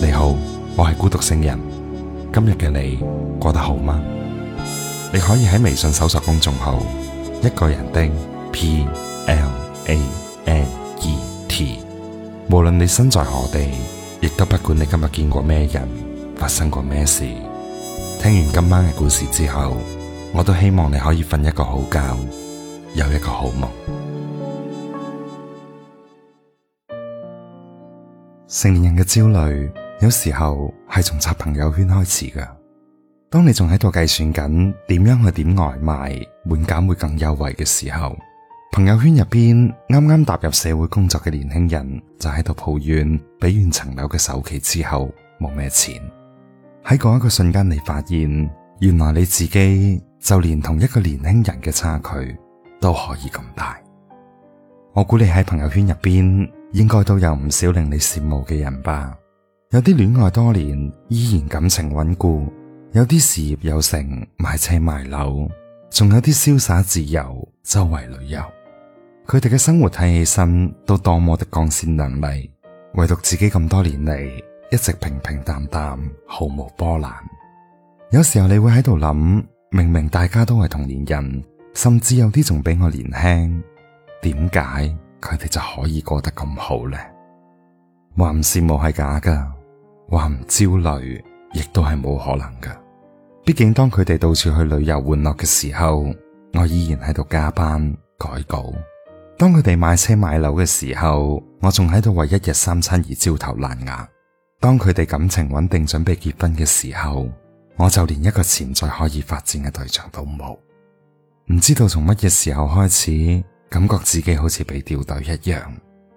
你好，我係孤獨聖人。今日嘅你過得好嗎？你可以喺微信搜索公眾號一個人的 P L A N E T。無論你身在何地，亦都不管你今日見過咩人，發生過咩事。聽完今晚嘅故事之後，我都希望你可以瞓一個好覺，有一個好夢。成年人嘅焦慮。有時候係從刷朋友圈開始噶。當你仲喺度計算緊點樣去點外賣滿減會更優惠嘅時候，朋友圈入邊啱啱踏入社會工作嘅年輕人就喺度抱怨，俾完層樓嘅首期之後冇咩錢。喺嗰一個瞬間，你發現原來你自己就連同一個年輕人嘅差距都可以咁大。我估你喺朋友圈入邊應該都有唔少令你羨慕嘅人吧。有啲戀愛多年依然感情穩固，有啲事業有成買車買樓，仲有啲瀟灑自由周圍旅遊。佢哋嘅生活睇起身都多麼的光鮮亮麗，唯獨自己咁多年嚟一直平平淡淡，毫無波瀾。有時候你會喺度諗，明明大家都係同年人，甚至有啲仲比我年輕，點解佢哋就可以過得咁好呢？話唔羨慕係假噶。話唔焦慮，亦都係冇可能嘅。畢竟當佢哋到處去旅遊玩樂嘅時候，我依然喺度加班改稿；當佢哋買車買樓嘅時候，我仲喺度為一日三餐而焦頭爛額；當佢哋感情穩定準備結婚嘅時候，我就連一個潛在可以發展嘅對象都冇。唔知道從乜嘢時候開始，感覺自己好似被掉隊一樣，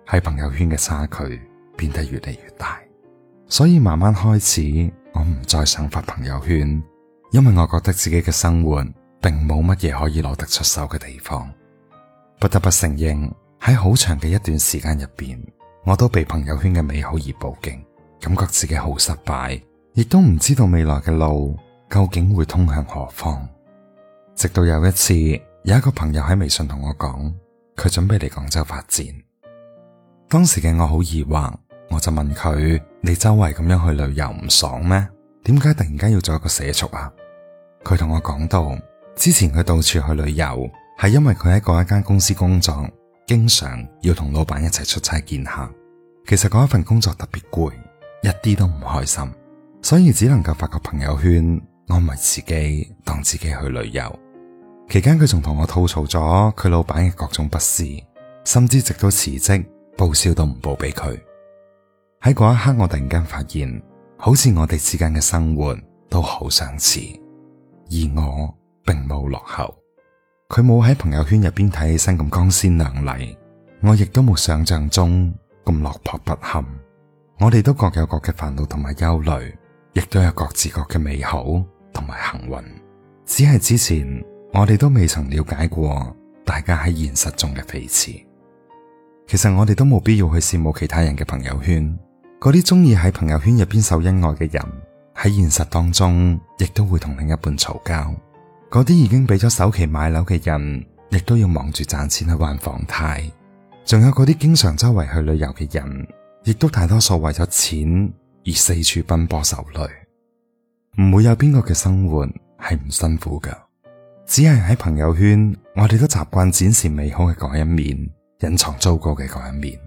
喺朋友圈嘅差距變得越嚟越大。所以慢慢開始，我唔再想發朋友圈，因為我覺得自己嘅生活並冇乜嘢可以攞得出手嘅地方。不得不承認，喺好長嘅一段時間入邊，我都被朋友圈嘅美好而報警，感覺自己好失敗，亦都唔知道未來嘅路究竟會通向何方。直到有一次，有一個朋友喺微信同我講，佢準備嚟廣州發展。當時嘅我好疑惑，我就問佢。你周圍咁樣去旅遊唔爽咩？點解突然間要做一個社畜啊？佢同我講到，之前佢到處去旅遊，係因為佢喺嗰一間公司工作，經常要同老闆一齊出差見客。其實嗰一份工作特別攰，一啲都唔開心，所以只能夠發個朋友圈安慰自己，當自己去旅遊。期間佢仲同我吐槽咗佢老闆嘅各種不是，甚至直到辭職報銷都唔報俾佢。喺嗰一刻，我突然間發現，好似我哋之間嘅生活都好相似，而我並冇落後。佢冇喺朋友圈入邊睇起身咁光鮮亮麗，我亦都冇想象中咁落魄不堪。我哋都各有各嘅煩惱同埋憂慮，亦都有各自各嘅美好同埋幸運。只係之前我哋都未曾了解過大家喺現實中嘅彼此。其實我哋都冇必要去羨慕其他人嘅朋友圈。嗰啲中意喺朋友圈入邊秀恩愛嘅人，喺現實當中亦都會同另一半嘈交；嗰啲已經俾咗首期買樓嘅人，亦都要忙住賺錢去還房貸；仲有嗰啲經常周圍去旅遊嘅人，亦都大多數為咗錢而四處奔波受累。唔會有邊個嘅生活係唔辛苦噶，只係喺朋友圈，我哋都習慣展示美好嘅嗰一面，隱藏糟糕嘅嗰一面。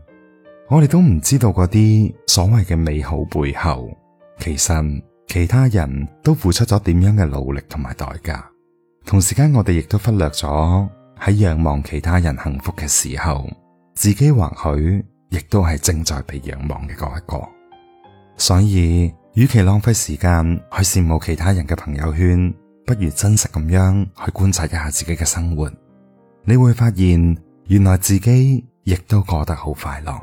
我哋都唔知道嗰啲所謂嘅美好背後，其實其他人都付出咗點樣嘅努力同埋代價。同時間，我哋亦都忽略咗喺仰望其他人幸福嘅時候，自己或許亦都係正在被仰望嘅嗰一個。所以，與其浪費時間去羨慕其他人嘅朋友圈，不如真實咁樣去觀察一下自己嘅生活，你會發現原來自己亦都過得好快樂。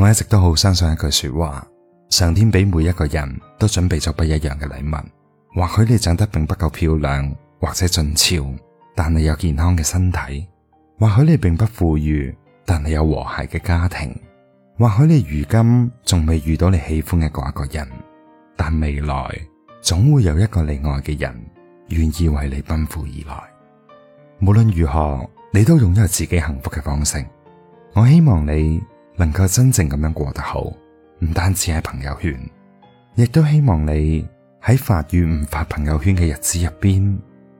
我一直都好相信一句說話，上天俾每一個人都準備咗不一樣嘅禮物。或許你長得並不夠漂亮，或者俊俏，但你有健康嘅身體；或許你並不富裕，但你有和諧嘅家庭；或許你如今仲未遇到你喜歡嘅嗰一個人，但未來總會有一個你愛嘅人願意為你奔赴而來。無論如何，你都擁有自己幸福嘅方式。我希望你，能夠真正咁樣過得好，唔單止係朋友圈，亦都希望你喺發與唔發朋友圈嘅日子入邊，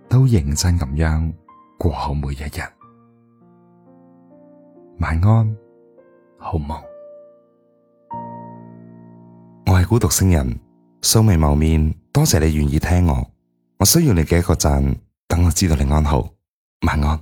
都認真咁樣過好每一日。晚安，好夢。我係孤獨星人，素未謀面，多謝你願意聽我。我需要你嘅一個讚，等我知道你安好。晚安。